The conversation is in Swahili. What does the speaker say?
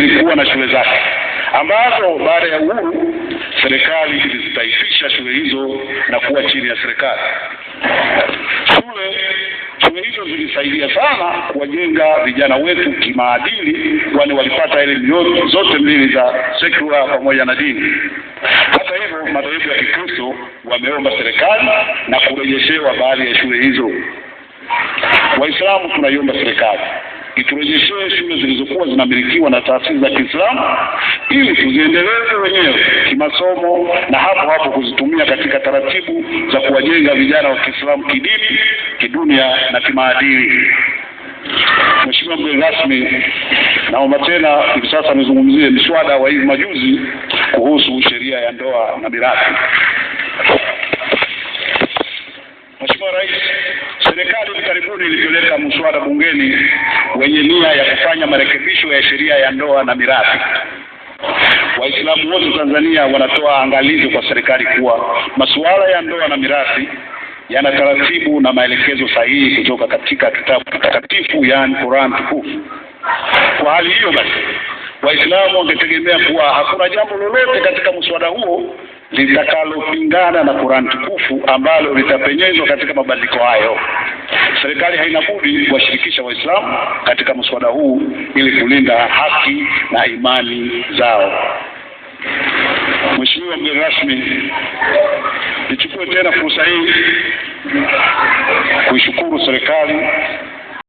zilikuwa na shule zake ambazo baada ya uhuru serikali ilizitaifisha shule hizo na kuwa chini ya serikali. Shule shule hizo zilisaidia sana kuwajenga vijana wetu kimaadili, kwani walipata elimu zote mbili za sekula pamoja na dini. Hata hivyo, madhehebu ya Kikristo wameomba serikali na kurejeshewa baadhi ya shule hizo. Waislamu tunaiomba serikali iturejeshee shule zilizokuwa zinamilikiwa na taasisi za Kiislamu ili tuziendeleze wenyewe kimasomo na hapo hapo kuzitumia katika taratibu za kuwajenga vijana wa Kiislamu kidini, kidunia na kimaadili. Mheshimiwa mgeni rasmi, naomba tena hivi sasa nizungumzie mswada wa hivi majuzi kuhusu sheria ya ndoa na mirathi. Mheshimiwa Rais, serikali hivi karibuni ilipeleka mswada bungeni wenye nia ya kufanya marekebisho ya sheria ya ndoa na mirathi. Waislamu wote Tanzania wanatoa angalizo kwa serikali kuwa masuala ya ndoa na mirathi yana taratibu na maelekezo sahihi kutoka katika kitabu takatifu, yaani Qur'an tukufu. Kwa hali hiyo basi, Waislamu wangetegemea kuwa hakuna jambo lolote katika mswada huo litakalopingana na Qur'an tukufu ambalo litapenyezwa katika mabadiliko hayo. Serikali haina budi kuwashirikisha Waislamu katika mswada huu ili kulinda haki na imani zao. Mheshimiwa mgeni rasmi, nichukue tena fursa hii kuishukuru serikali